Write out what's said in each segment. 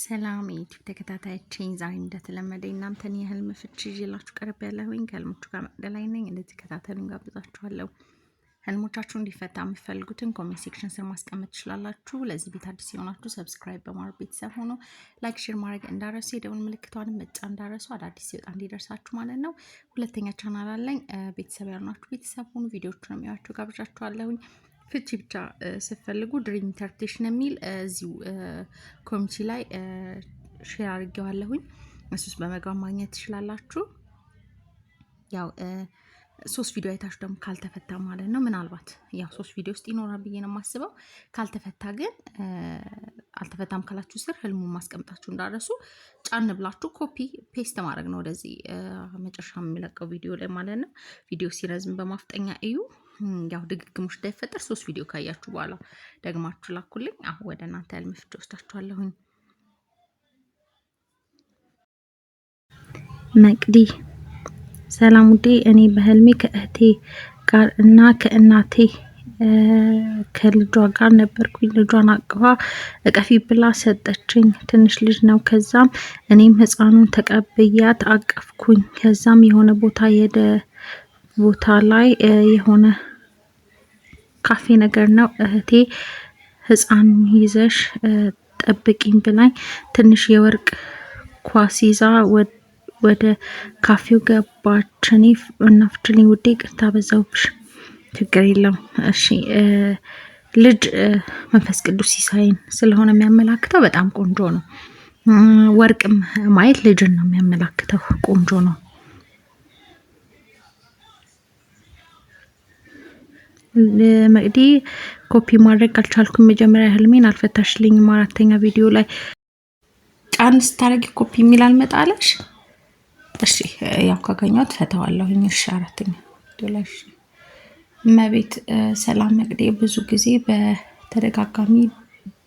ሰላም የዩቲዩብ ተከታታያችን፣ ዛሬ እንደተለመደ እናንተን የህልም ፍቺ ይዤላችሁ ቀርብ ያለሁኝ ከህልሞቹ ጋር መቅደላይ ነኝ። እንድትከታተሉኝ ጋብዛችኋለሁ። ህልሞቻችሁ እንዲፈታ የምትፈልጉትን ኮሜንት ሴክሽን ስር ማስቀመጥ ትችላላችሁ። ለዚህ ቤት አዲስ የሆናችሁ ሰብስክራይብ በማድረግ ቤተሰብ ሆኖ ላይክ፣ ሼር ማድረግ እንዳረሱ፣ የደውል ምልክቷን መጫ እንዳረሱ፣ አዳዲስ ሲወጣ እንዲደርሳችሁ ማለት ነው። ሁለተኛ ቻናል አለኝ። ቤተሰብ ያልናችሁ ቤተሰብ ሆኑ። ቪዲዮቹን የሚያዩአችሁ ጋብዣችኋለሁኝ። ፍቺ ብቻ ስትፈልጉ ድሪም ኢንተርፕሬቴሽን የሚል እዚሁ ኮሚቲ ላይ ሼር አድርጌዋለሁኝ። እሱስ በመግባብ ማግኘት ትችላላችሁ። ያው ሶስት ቪዲዮ አይታችሁ ደግሞ ካልተፈታ ማለት ነው። ምናልባት ያው ሶስት ቪዲዮ ውስጥ ይኖራል ብዬ ነው የማስበው። ካልተፈታ ግን አልተፈታም ካላችሁ ስር ህልሙን ማስቀምጣችሁ እንዳረሱ ጫን ብላችሁ ኮፒ ፔስት ማድረግ ነው ወደዚህ መጨረሻ የሚለቀው ቪዲዮ ላይ ማለት ነው። ቪዲዮ ሲረዝም በማፍጠኛ እዩ። ያው ድግግሞች እንዳይፈጠር ሶስት ቪዲዮ ካያችሁ በኋላ ደግማችሁ ላኩልኝ። አሁን ወደ እናንተ ያል ፍቺ ወስዳችኋለሁኝ። መቅዲ ሰላም ውዴ፣ እኔ በህልሜ ከእህቴ ጋር እና ከእናቴ ከልጇ ጋር ነበርኩኝ። ልጇን አቅፋ እቀፊ ብላ ሰጠችኝ። ትንሽ ልጅ ነው። ከዛም እኔም ህፃኑን ተቀብያት አቀፍኩኝ። ከዛም የሆነ ቦታ የደ ቦታ ላይ የሆነ ካፌ ነገር ነው። እህቴ ህፃን ይዘሽ ጠብቂኝ ብላኝ ትንሽ የወርቅ ኳስ ይዛ ወደ ካፌው ገባች። እኔ እናፍችልኝ ውዴ፣ ቅርታ በዛውብሽ። ችግር የለም እሺ። ልጅ መንፈስ ቅዱስ ሲሳይን ስለሆነ የሚያመላክተው በጣም ቆንጆ ነው። ወርቅም ማየት ልጅን ነው የሚያመላክተው። ቆንጆ ነው። መቅዲ ኮፒ ማድረግ አልቻልኩም። መጀመሪያ ህልሜን አልፈታሽልኝም። አራተኛ ቪዲዮ ላይ ጫን ስታደርጊ ኮፒ የሚል አልመጣለሽ። እሺ ያው ካገኘው ትፈተዋለሁ። እሺ አራተኛ ቪዲዮ ላይ እሺ። እመቤት ሰላም መቅዴ ብዙ ጊዜ በተደጋጋሚ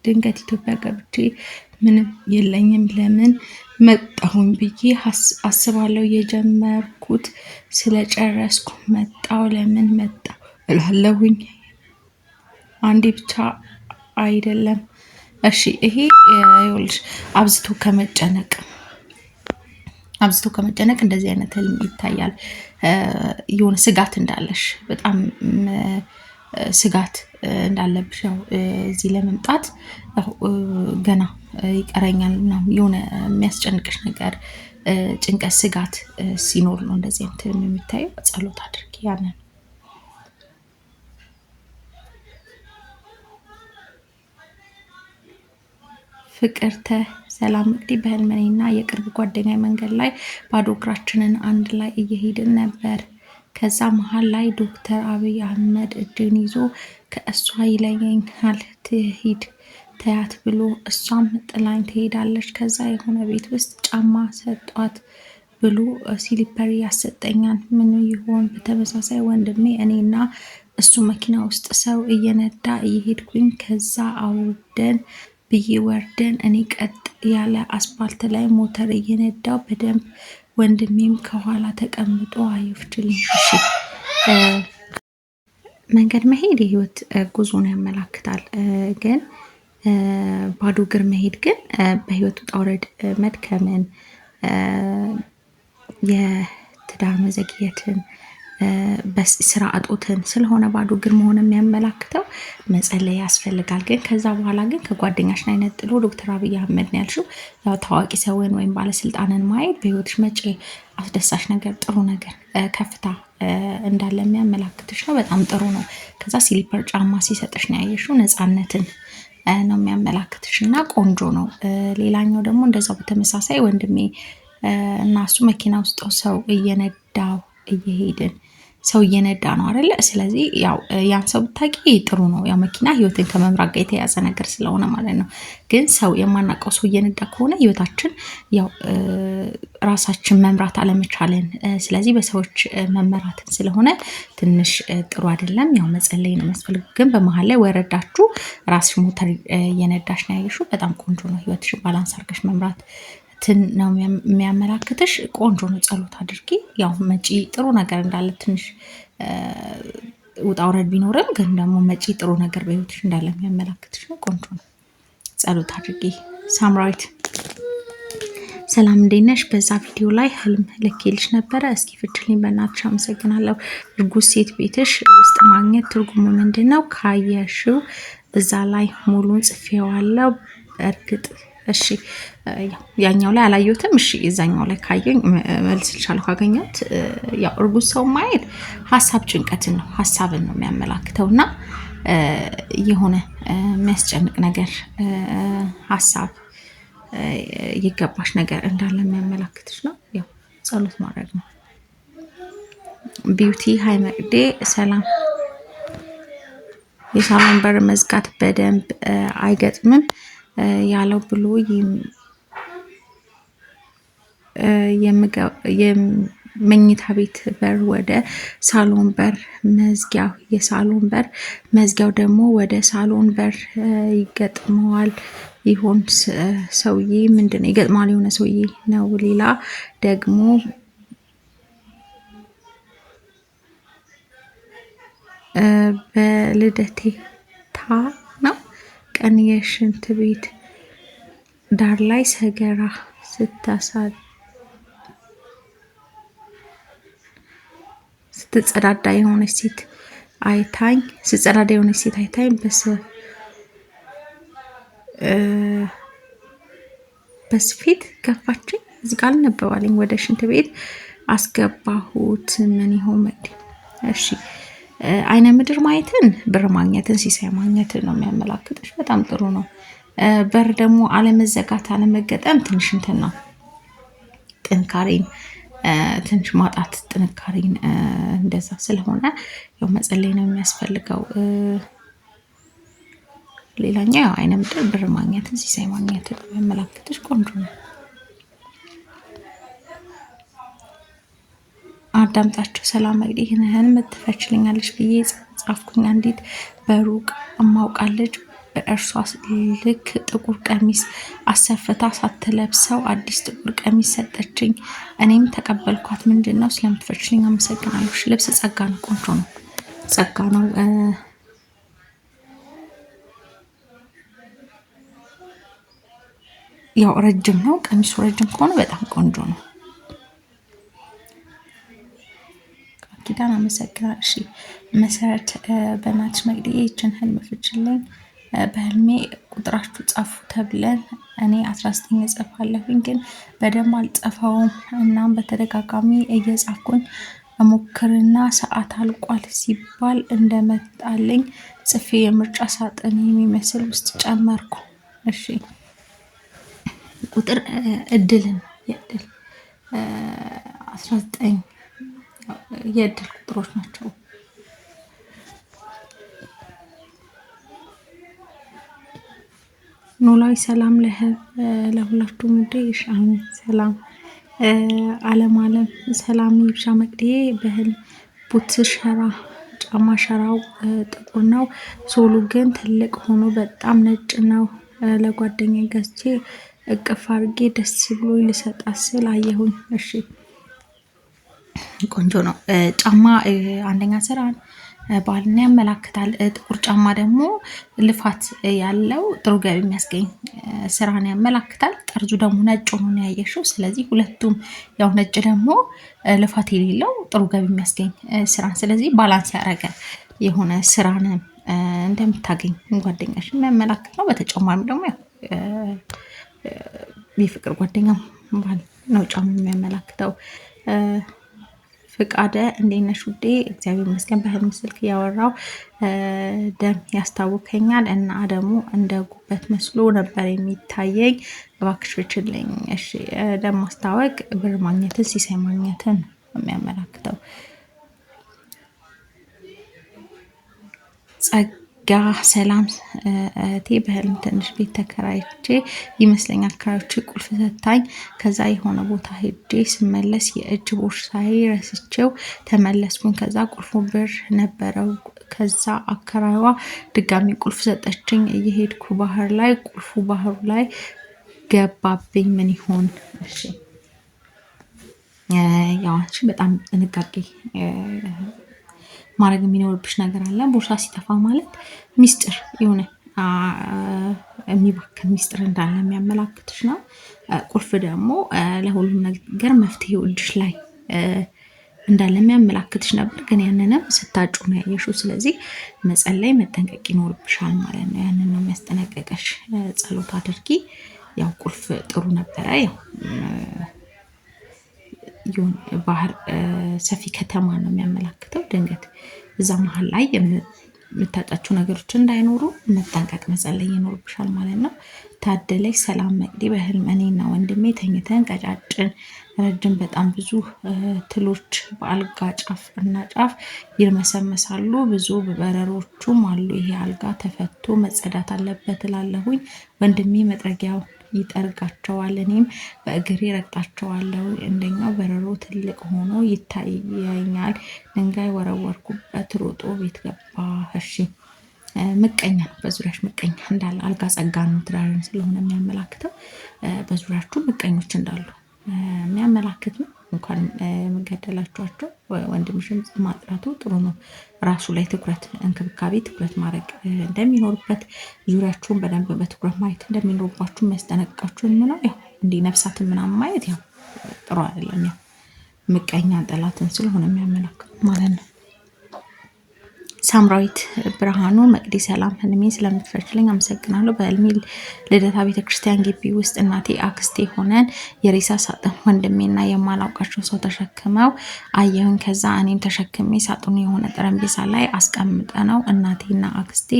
ድንገት ኢትዮጵያ ገብቼ ምንም የለኝም ለምን መጣሁኝ ብዬ አስባለሁ። የጀመርኩት ስለጨረስኩ መጣው ለምን መጣ እላለሁኝ። አንዴ ብቻ አይደለም። እሺ ይሄ ይኸውልሽ አብዝቶ ከመጨነቅ አብዝቶ ከመጨነቅ እንደዚህ አይነት ህልም ይታያል። የሆነ ስጋት እንዳለሽ በጣም ስጋት እንዳለብሽ ያው እዚህ ለመምጣት ገና ይቀረኛል ምናምን የሆነ የሚያስጨንቅሽ ነገር ጭንቀት፣ ስጋት ሲኖር ነው እንደዚህ አይነት የሚታየው። ጸሎት አድርጊ ያንን ፍቅርተ ሰላም እንግዲህ በህልመኔና የቅርብ ጓደኛ መንገድ ላይ ባዶ እግራችንን አንድ ላይ እየሄድን ነበር። ከዛ መሀል ላይ ዶክተር አብይ አህመድ እድን ይዞ ከእሷ ይለየኛል ትሂድ ተያት ብሎ እሷም ጥላኝ ትሄዳለች። ከዛ የሆነ ቤት ውስጥ ጫማ ሰጧት ብሎ ሲሊፐሪ ያሰጠኛል። ምን ይሆን? በተመሳሳይ ወንድሜ እኔና እሱ መኪና ውስጥ ሰው እየነዳ እየሄድኩኝ ከዛ አውርደን ብዬ ወርደን እኔ ቀጥ ያለ አስፓልት ላይ ሞተር እየነዳው በደንብ ወንድሜም ከኋላ ተቀምጦ አየፍችልኝ። መንገድ መሄድ የህይወት ጉዞን ያመላክታል። ግን ባዶ እግር መሄድ ግን በህይወት ውጣ ውረድ መድከምን፣ የትዳር መዘግየትን በስራ አጦትን ስለሆነ ባዶ እግር መሆን የሚያመላክተው መጸለይ ያስፈልጋል። ግን ከዛ በኋላ ግን ከጓደኛሽን አይነት ጥሎ ዶክተር አብይ አህመድ ነው ያልሽው። ያው ታዋቂ ሰውን ወይም ባለስልጣንን ማየት በህይወትሽ መጪ አስደሳች ነገር፣ ጥሩ ነገር፣ ከፍታ እንዳለ የሚያመላክትሽ ነው። በጣም ጥሩ ነው። ከዛ ሲሊፐር ጫማ ሲሰጥሽ ነው ያየሽው። ነፃነትን ነው የሚያመላክትሽ እና ቆንጆ ነው። ሌላኛው ደግሞ እንደዛው በተመሳሳይ ወንድሜ እና እሱ መኪና ውስጥ ሰው እየነዳው እየሄድን ሰው እየነዳ ነው አይደለ? ስለዚህ ያው ያን ሰው ብታውቂ ጥሩ ነው። ያው መኪና ህይወትን ከመምራት ጋር የተያዘ ነገር ስለሆነ ማለት ነው። ግን ሰው የማናውቀው ሰው እየነዳ ከሆነ ህይወታችን ያው ራሳችን መምራት አለመቻለን፣ ስለዚህ በሰዎች መመራትን ስለሆነ ትንሽ ጥሩ አይደለም። ያው መጸለይ ነው የሚያስፈልገው። ግን በመሀል ላይ ወረዳችሁ ራስሽ ሞተር እየነዳሽ ነው ያየሽው። በጣም ቆንጆ ነው። ህይወትሽን ባላንስ አድርገሽ መምራት ትን ነው የሚያመላክትሽ። ቆንጆ ነው። ጸሎት አድርጊ። ያው መጪ ጥሩ ነገር እንዳለ ትንሽ ውጣ ውረድ ቢኖርም ግን ደግሞ መጪ ጥሩ ነገር በህይወትሽ እንዳለ የሚያመላክትሽ ነው። ቆንጆ ነው። ጸሎት አድርጊ። ሳምራዊት ሰላም እንዴት ነሽ? በዛ ቪዲዮ ላይ ህልም ልኬልሽ ነበረ። እስኪ ፍችልኝ በእናትሽ። አመሰግናለሁ። እርጉዝ ሴት ቤትሽ ውስጥ ማግኘት ትርጉሙ ምንድን ነው? ካየሽው እዛ ላይ ሙሉን ጽፌዋለሁ። እርግጥ እሺ ያኛው ላይ አላየሁትም። እሺ እዛኛው ላይ ካየኝ መልስልሻለሁ ካገኘሁት። ያው እርጉዝ ሰው ማየት ሀሳብ ጭንቀትን ነው ሀሳብን ነው የሚያመላክተው እና የሆነ የሚያስጨንቅ ነገር ሀሳብ የገባሽ ነገር እንዳለ የሚያመላክትሽ ነው። ያው ጸሎት ማድረግ ነው። ቢዩቲ ሀይ መቅዴ ሰላም የሳሎን በር መዝጋት በደንብ አይገጥምም። ያለው ብሎ የመኝታ ቤት በር ወደ ሳሎን በር መዝጊያው የሳሎን በር መዝጊያው ደግሞ ወደ ሳሎን በር ይገጥመዋል ይሆን ሰውዬ ምንድን ነው ይገጥማል የሆነ ሰውዬ ነው። ሌላ ደግሞ በልደቴታ ቀን የሽንት ቤት ዳር ላይ ሰገራ ስትጸዳዳ የሆነች ሴት አይታኝ ስጸዳዳ የሆነች ሴት አይታኝ በስፌት ገፋችኝ። እዚህ ጋር አልነበባልኝ ወደ ሽንት ቤት አስገባሁት። ምን ይሆን መዲ? እሺ አይነ ምድር ማየትን ብር ማግኘትን ሲሳይ ማግኘትን ነው የሚያመላክትሽ። በጣም ጥሩ ነው። በር ደግሞ አለመዘጋት፣ አለመገጠም ትንሽ እንትን ነው ጥንካሬን ትንሽ ማጣት ጥንካሬን እንደዛ ስለሆነ ያው መጸለይ ነው የሚያስፈልገው። ሌላኛው ያው አይነ ምድር ብር ማግኘትን ሲሳይ ማግኘትን የሚያመላክትሽ ቆንጆ ነው። አዳምጣቸው ሰላም እንግዲህ ይህንህን ምትፈችልኛለች ብዬ ጻፍኩኝ። አንዲት በሩቅ እማውቃለች በእርሷ ልክ ጥቁር ቀሚስ አሰፍታ ሳትለብሰው አዲስ ጥቁር ቀሚስ ሰጠችኝ። እኔም ተቀበልኳት። ምንድን ነው ስለምትፈችልኝ አመሰግናለች። ልብስ ጸጋ ነው፣ ቆንጆ ነው፣ ጸጋ ነው። ያው ረጅም ነው ቀሚሱ። ረጅም ከሆነ በጣም ቆንጆ ነው። ኪዳን አመሰግናል። እሺ መሰረት በእናትሽ መግደዬ ይችን ህልም ፍችልኝ። በህልሜ ቁጥራችሁ ጻፉ ተብለን እኔ 19 እጽፋለሁኝ ግን በደንብ አልጸፈውም። እናም በተደጋጋሚ እየጻፍኩኝ ሞክርና ሰዓት አልቋል ሲባል እንደመጣልኝ ጽፌ የምርጫ ሳጥን የሚመስል ውስጥ ጨመርኩ። እሺ ቁጥር እድልን የእድል 19 የእድል ቁጥሮች ናቸው። ኖላዊ ሰላም ለሁላችሁ ምድ ሻሚ ሰላም አለም አለም ሰላም ይብሻ መቅድዬ በህል ቡት ሸራ ጫማ ሸራው ጥቁር ነው፣ ሶሉ ግን ትልቅ ሆኖ በጣም ነጭ ነው። ለጓደኛ ገዝቼ እቅፍ አድርጌ ደስ ብሎ ልሰጣ ስል አየሁኝ። እሺ ቆንጆ ነው። ጫማ አንደኛ ስራን ባህልን ያመላክታል። ጥቁር ጫማ ደግሞ ልፋት ያለው ጥሩ ገቢ የሚያስገኝ ስራን ያመላክታል። ጠርዙ ደግሞ ነጭ ሆኖ ያየሽው። ስለዚህ ሁለቱም ያው ነጭ ደግሞ ልፋት የሌለው ጥሩ ገቢ የሚያስገኝ ስራን፣ ስለዚህ ባላንስ ያደረገ የሆነ ስራን እንደምታገኝ ጓደኛሽ የሚያመላክት ነው። በተጨማሪም ደግሞ የፍቅር ጓደኛ ነው ጫማ የሚያመላክተው። ፍቃደ እንዴት ነሽ ውዴ? እግዚአብሔር ይመስገን። በህልም ስልክ እያወራው ደም ያስታውከኛል እና ደግሞ እንደ ጉበት መስሎ ነበር የሚታየኝ። እባክሽ ብችልኝ። እሺ፣ ደም ማስታወቅ ብር ማግኘትን፣ ሲሳይ ማግኘትን የሚያመላክተው ጋ ሰላም እህቴ በህልም ትንሽ ቤት ተከራይቼ ይመስለኛል አከራዮቼ ቁልፍ ሰታኝ፣ ከዛ የሆነ ቦታ ሄጄ ስመለስ የእጅ ቦርሳዬ ረስቼው ተመለስኩኝ። ከዛ ቁልፉ ብር ነበረው። ከዛ አከራይዋ ድጋሚ ቁልፍ ሰጠችኝ። እየሄድኩ ባህር ላይ ቁልፉ ባህሩ ላይ ገባብኝ። ምን ይሆን? እሺ ያው አንቺ በጣም ጥንቃቄ ማድረግ የሚኖርብሽ ነገር አለ። ቦርሳ ሲጠፋ ማለት ሚስጥር የሆነ የሚባክን ሚስጥር እንዳለ የሚያመላክትሽ ነው። ቁልፍ ደግሞ ለሁሉም ነገር መፍትሄ እጅሽ ላይ እንዳለ የሚያመላክትሽ ነበር፣ ግን ያንንም ስታጩ ነው ያየሽው። ስለዚህ መጸለይ መጠንቀቅ ይኖርብሻል ማለት ነው። ያንን ነው የሚያስጠነቀቀሽ። ጸሎት አድርጊ። ያው ቁልፍ ጥሩ ነበረ ያው ባህር ሰፊ ከተማ ነው የሚያመላክተው። ድንገት እዛ መሀል ላይ የምታጫቸው ነገሮች እንዳይኖሩ መጠንቀቅ መጸለይ ይኖርብሻል ማለት ነው። ታደለች ሰላም መቅዲ በህልም እኔና ወንድሜ ተኝተን ቀጫጭን ረጅም በጣም ብዙ ትሎች በአልጋ ጫፍ እና ጫፍ ይርመሰመሳሉ። ብዙ በረሮቹም አሉ። ይሄ አልጋ ተፈቶ መጸዳት አለበት እላለሁኝ። ወንድሜ መጥረጊያው ይጠርጋቸዋል። እኔም በእግሬ ረግጣቸዋለሁ። እንደኛው በረሮ ትልቅ ሆኖ ይታየኛል። ድንጋይ ወረወርኩበት፣ ሮጦ ቤት ገባ። እሺ ምቀኛ በዙሪያች ምቀኛ እንዳለ አልጋ ጸጋ ነው። ትዳርን ስለሆነ የሚያመላክተው በዙሪያችሁ ምቀኞች እንዳሉ የሚያመላክት ነው። እንኳን የምገደላችኋቸው ወንድምሽን ማጥራቱ ጥሩ ነው። ራሱ ላይ ትኩረት እንክብካቤ ትኩረት ማድረግ እንደሚኖርበት ዙሪያችሁን በደንብ በትኩረት ማየት እንደሚኖርባችሁ የሚያስጠነቅቃችሁ የምለው ያው እንዲህ ነፍሳትን ምናምን ማየት ያው ጥሩ አይደለም። ያው ምቀኛ ጠላትን ስለሆነ የሚያመላክ ማለት ነው። ሳምራዊት ብርሃኑ መቅዲ ሰላም ህልሜ ስለምትፈችልኝ አመሰግናለሁ። በህልሜ ልደታ ቤተክርስቲያን ግቢ ውስጥ እናቴ አክስቴ ሆነን የሬሳ ሳጥን ወንድሜና የማላውቃቸው ሰው ተሸክመው አየሁኝ። ከዛ እኔም ተሸክሜ ሳጥኑ የሆነ ጠረጴዛ ላይ አስቀምጠ ነው እናቴና አክስቴ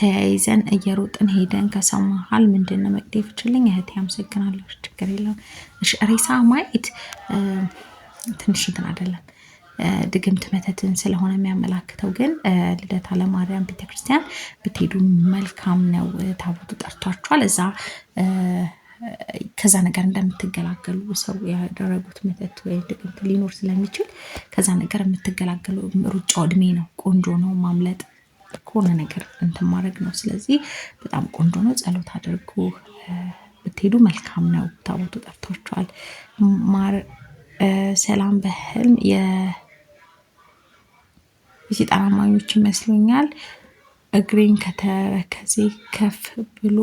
ተያይዘን እየሮጥን ሄደን ከሰው መሀል ምንድን ነው መቅዲ ፍችልኝ እህቴ አመሰግናለሁ። ችግር የለውም። ሬሳ ማየት ትንሽ እንትን አይደለም ድግምት መተትን ስለሆነ የሚያመላክተው። ግን ልደታ ለማርያም ቤተክርስቲያን ብትሄዱ መልካም ነው። ታቦቱ ጠርቷችኋል። እዛ ከዛ ነገር እንደምትገላገሉ ሰው ያደረጉት መተት ወይ ድግምት ሊኖር ስለሚችል ከዛ ነገር የምትገላገሉ ሩጫው እድሜ ነው። ቆንጆ ነው ማምለጥ ከሆነ ነገር እንትን ማድረግ ነው። ስለዚህ በጣም ቆንጆ ነው። ጸሎት አድርጉ ብትሄዱ መልካም ነው። ታቦቱ ጠርቷቸዋል። ማር ሰላም በህልም የሰይጣን አማኞች ይመስሉኛል። እግሬን ከተረከዜ ከፍ ብሎ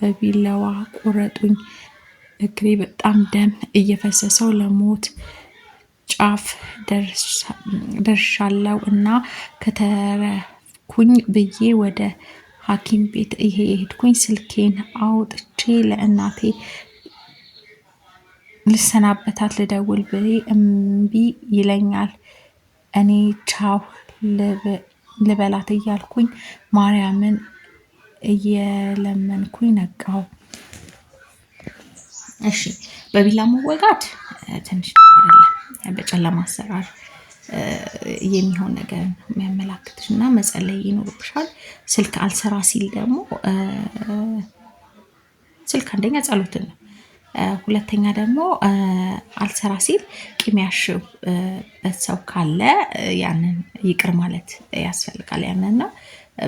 በቢላዋ ቁረጡኝ። እግሬ በጣም ደም እየፈሰሰው ለሞት ጫፍ ደርሻለው እና ከተረፍኩኝ ብዬ ወደ ሐኪም ቤት እየሄድኩኝ ስልኬን አውጥቼ ለእናቴ ልሰናበታት ልደውል ብሬ እምቢ ይለኛል። እኔ ቻው ልበላት እያልኩኝ ማርያምን እየለመንኩኝ ነቃው። እሺ በቢላ መወጋት ትንሽ በጨለማ አሰራር የሚሆን ነገር የሚያመላክትሽ እና መጸለይ ይኖርብሻል። ስልክ አልሰራ ሲል ደግሞ ስልክ አንደኛ ጸሎትን ነው ሁለተኛ ደግሞ አልሰራ ሲል ቂም ያሽበት ሰው ካለ ያንን ይቅር ማለት ያስፈልጋል። ያንንና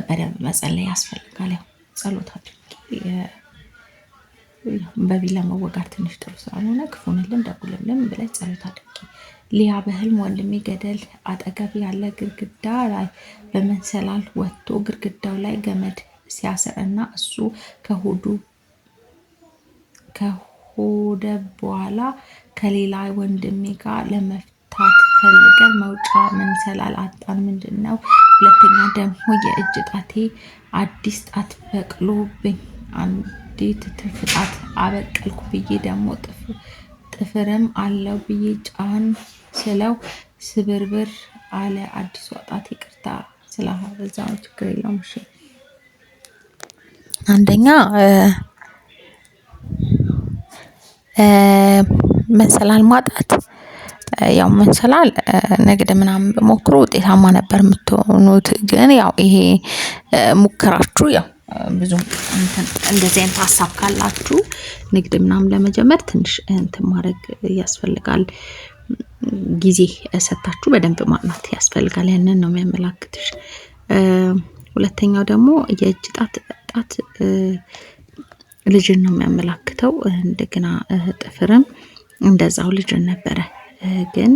በደንብ መጸለይ ያስፈልጋል። ያው ጸሎት አድርጊ በቢላ መወጋት ትንሽ ጥሩ ስላልሆነ ክፉንልም ደጉልልም ብለሽ ጸሎት አድርጊ። ሊያ በህልም ወንድሜ ገደል አጠገብ ያለ ግድግዳ ላይ በመንሰላል ወጥቶ ግድግዳው ላይ ገመድ ሲያስር እና እሱ ከሆዱ ከወደብ በኋላ ከሌላ ወንድሜ ጋር ለመፍታት ፈልገን መውጫ መሰላል አጣን። ምንድን ነው? ሁለተኛ ደግሞ የእጅ ጣቴ አዲስ ጣት በቅሎብኝ አንዲት ትርፍ ጣት አበቀልኩ ብዬ ደግሞ ጥፍርም አለው ብዬ ጫን ስለው ስብርብር አለ አዲሱ ጣት። ይቅርታ ስለ በዛው ችግር የለውም። አንደኛ መሰላል ማጣት ያው መሰላል ንግድ ምናምን ብሞክሩ ውጤታማ ነበር የምትሆኑት። ግን ያው ይሄ ሙከራችሁ ያው ብዙ እንደዚህ አይነት ሀሳብ ካላችሁ ንግድ ምናምን ለመጀመር ትንሽ እንትን ማድረግ ያስፈልጋል። ጊዜ ሰታችሁ በደንብ ማጥናት ያስፈልጋል። ያንን ነው የሚያመላክትሽ። ሁለተኛው ደግሞ የእጅ ጣት ጣት ልጅን ነው የሚያመላክተው። እንደገና ጥፍርም እንደዛው ልጅን ነበረ ግን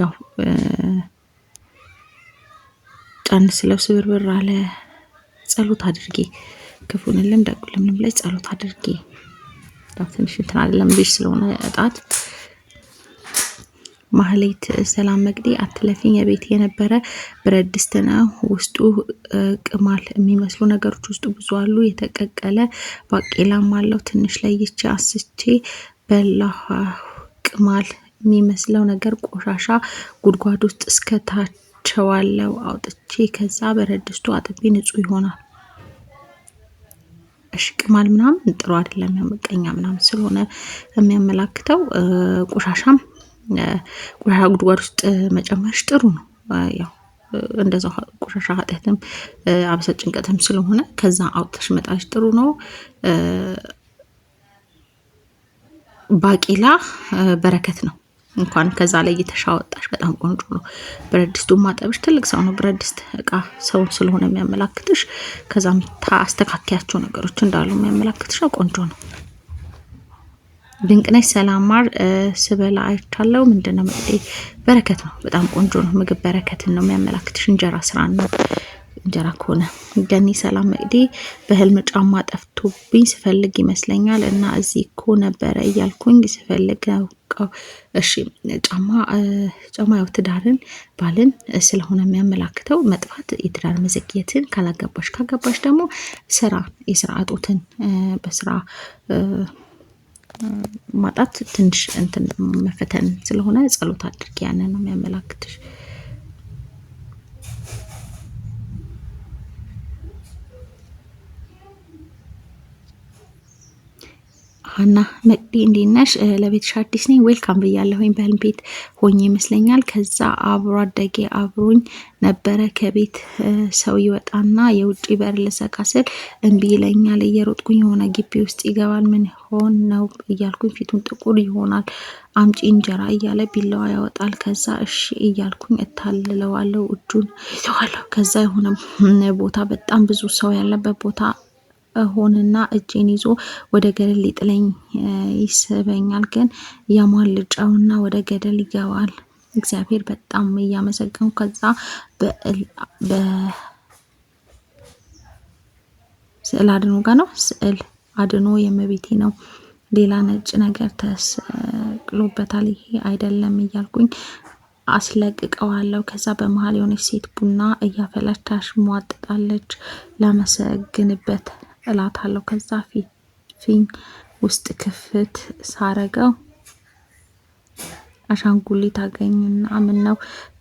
ያው ጫን ስለው ስብርብር አለ። ጸሎት አድርጌ ክፉንልም ደጉልምንም ላይ ጸሎት አድርጌ ትንሽ እንትን አይደለም ልጅ ስለሆነ እጣት ማህሌት ሰላም መቅዲ አትለፊኝ የቤት የነበረ ብረት ድስት ነው። ውስጡ ቅማል የሚመስሉ ነገሮች ውስጡ ብዙ አሉ። የተቀቀለ ባቄላም አለው። ትንሽ ለይቼ አስቼ በላሁ። ቅማል የሚመስለው ነገር ቆሻሻ ጉድጓድ ውስጥ እስከታቸዋለው አውጥቼ ከዛ ብረት ድስቱ አጥቤ ንጹህ ይሆናል። እሺ ቅማል ምናምን ጥሩ አይደለም፣ ያመቀኛ ምናምን ስለሆነ የሚያመላክተው ቆሻሻም ቆሻሻ ጉድጓድ ውስጥ መጨመርሽ ጥሩ ነው። ያው እንደዛ ቆሻሻ ኃጢአትም አብሰት ጭንቀትም ስለሆነ ከዛ አውጥተሽ መጣሽ ጥሩ ነው። ባቄላ በረከት ነው። እንኳን ከዛ ላይ እየተሻወጣሽ በጣም ቆንጆ ነው። ብረት ድስቱ ማጠብሽ ትልቅ ሰው ነው። ብረት ድስት እቃ ሰው ስለሆነ የሚያመላክትሽ ከዛ የምታስተካከያቸው ነገሮች እንዳሉ የሚያመላክትሽ ነው። ቆንጆ ነው። ድንቅነሽ ሰላም ማር ስበላ አይቻለው። ምንድን ነው በረከት ነው። በጣም ቆንጆ ነው። ምግብ በረከትን ነው የሚያመላክትሽ። እንጀራ ስራ ነው እንጀራ ከሆነ ገኒ ሰላም መቅዲ በህልም ጫማ ጠፍቶብኝ ስፈልግ ይመስለኛል እና እዚህ እኮ ነበረ እያልኩኝ ስፈልግ እሺ ጫማ ጫማ ያው ትዳርን ባልን ስለሆነ የሚያመላክተው መጥፋት የትዳር መዘግየትን ካላገባሽ ካገባሽ ደግሞ ስራ የስራ አጦትን በስራ ማጣት ትንሽ እንትን መፈተን ስለሆነ ጸሎት አድርጊ ያንን ነው የሚያመላክትሽ ሀና መቅዲ እንዴት ነሽ? ለቤትሽ አዲስ ነኝ። ዌልካም ብያለሁኝ። በህልም ቤት ሆኜ ይመስለኛል። ከዛ አብሮ አደጌ አብሮኝ ነበረ። ከቤት ሰው ይወጣና የውጭ በር ልዘጋ ስል እምቢ ይለኛል። እየሮጥኩኝ የሆነ ግቢ ውስጥ ይገባል። ምን ሆን ነው እያልኩኝ ፊቱን ጥቁር ይሆናል። አምጪ እንጀራ እያለ ቢላዋ ያወጣል። ከዛ እሺ እያልኩኝ እታልለዋለሁ፣ እጁን ይዘዋለሁ። ከዛ የሆነ ቦታ በጣም ብዙ ሰው ያለበት ቦታ እሆንና እጄን ይዞ ወደ ገደል ሊጥለኝ ይስበኛል። ግን ያሟልጫውና ወደ ገደል ይገባል። እግዚአብሔር በጣም እያመሰገንኩ ከዛ ስዕል አድኖ ጋር ነው። ስዕል አድኖ የመቤቴ ነው። ሌላ ነጭ ነገር ተስቅሎበታል። ይሄ አይደለም እያልኩኝ አስለቅቀዋለሁ። ከዛ በመሀል የሆነች ሴት ቡና እያፈላች ታሽሟጥጣለች። ላመሰግንበት እላታለሁ። ከዛ ፊኝ ውስጥ ክፍት ሳረገው አሻንጉሊት አገኝና ምነው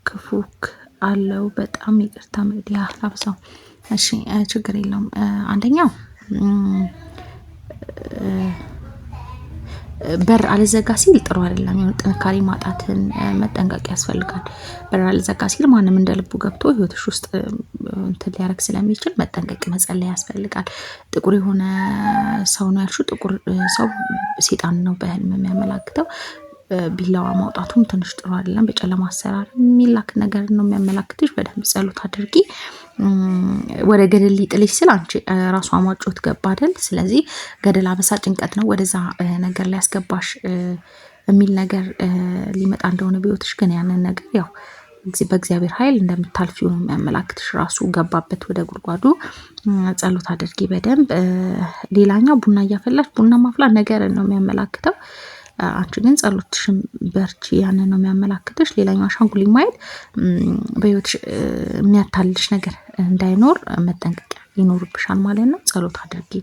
ክፉክ አለው። በጣም ይቅርታ መዲያ ላብሰው። እሺ ችግር የለውም። አንደኛው በር አልዘጋ ሲል ጥሩ አይደለም። የሆነ ጥንካሬ ማጣትን መጠንቀቅ ያስፈልጋል። በር አልዘጋ ሲል ማንም እንደ ልቡ ገብቶ ህይወትሽ ውስጥ እንትን ሊያደርግ ስለሚችል መጠንቀቅ፣ መጸለይ ያስፈልጋል። ጥቁር የሆነ ሰው ነው ያልሽው፣ ጥቁር ሰው ሴጣን ነው በህልም የሚያመላክተው። ቢላዋ ማውጣቱም ትንሽ ጥሩ አይደለም። በጨለማ አሰራር የሚላክ ነገር ነው የሚያመላክትሽ። በደንብ ጸሎት አድርጊ። ወደ ገደል ሊጥልሽ ስል አንቺ ራሷ ማጮት ገባ አይደል? ስለዚህ ገደል አበሳ ጭንቀት ነው፣ ወደዛ ነገር ሊያስገባሽ የሚል ነገር ሊመጣ እንደሆነ ቢወትሽ፣ ግን ያንን ነገር ያው በእግዚአብሔር ኃይል እንደምታልፊው ነው የሚያመላክትሽ። ራሱ ገባበት ወደ ጉድጓዱ። ጸሎት አድርጊ በደንብ። ሌላኛው ቡና እያፈላሽ ቡና ማፍላ ነገርን ነው የሚያመላክተው። አንቺ ግን ጸሎትሽም በርቺ፣ ያንን ነው የሚያመላክትሽ። ሌላኛው አሻንጉሊ ማየት በህይወትሽ የሚያታልልሽ ነገር እንዳይኖር መጠንቀቂያ ይኖርብሻል ማለት ነው። ጸሎት አድርጊ።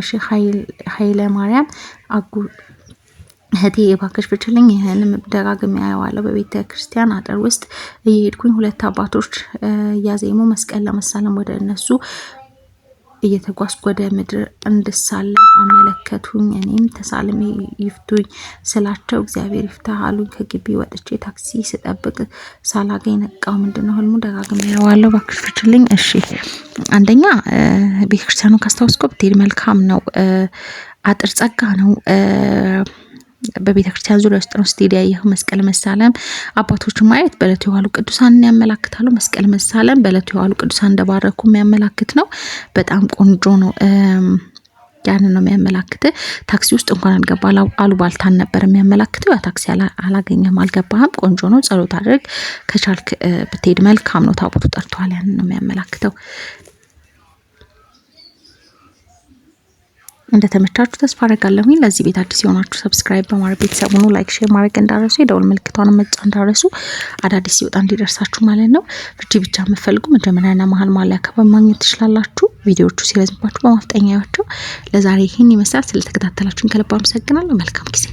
እሺ ኃይለ ማርያም አጉ እህቴ የባክሽ ፍችልኝ ይህን ደጋግሜ ያየዋለሁ። በቤተ ክርስቲያን አጥር ውስጥ እየሄድኩኝ ሁለት አባቶች እያዜሙ መስቀል ለመሳለም ወደ እነሱ እየተጓዝኩ ወደ ምድር እንድሳለም አመለከቱኝ። እኔም ተሳልሜ ይፍቱኝ ስላቸው እግዚአብሔር ይፍታህ አሉኝ። ከግቢ ወጥቼ ታክሲ ስጠብቅ ሳላገኝ ነቃው። ምንድነው ህልሙ? ደጋግሜ ያየዋለሁ ባክሽ ፍችልኝ። እሺ፣ አንደኛ ቤተክርስቲያኑ ካስታወስኮ ብትሄድ መልካም ነው። አጥር ጸጋ ነው። በቤተክርስቲያን ዙሪያ ውስጥ ነው ስትሄድ ያየኸው መስቀል መሳለም አባቶች ማየት በዕለቱ የዋሉ ቅዱሳን ያመላክታሉ። መስቀል መሳለም በዕለቱ የዋሉ ቅዱሳን እንደባረኩ የሚያመላክት ነው። በጣም ቆንጆ ነው። ያንን ነው የሚያመላክት። ታክሲ ውስጥ እንኳን አልገባ አሉባልታን ነበር የሚያመላክተው። ያ ታክሲ አላገኘም፣ አልገባህም። ቆንጆ ነው። ጸሎት አድርግ፣ ከቻልክ ብትሄድ መልካም ነው። ታቦቱ ጠርተዋል። ያንን ነው የሚያመላክተው። እንደተመቻችሁ ተስፋ አደርጋለሁኝ። ለዚህ ቤት አዲስ የሆናችሁ ሰብስክራይብ በማድረግ ቤተሰብ ሁኑ። ላይክ፣ ሼር ማድረግ እንዳረሱ የደውል ምልክቷን መጫ እንዳረሱ አዳዲስ ሲወጣ እንዲደርሳችሁ ማለት ነው። ፍቺ ብቻ የምፈልጉ መጀመሪያና መሀል ማሊያ አካባቢ ማግኘት ትችላላችሁ። ቪዲዮዎቹ ሲረዝምባችሁ በማፍጠኛያቸው። ለዛሬ ይህን ይመስላል። ስለተከታተላችሁን ከልብ አመሰግናለሁ። መልካም ጊዜ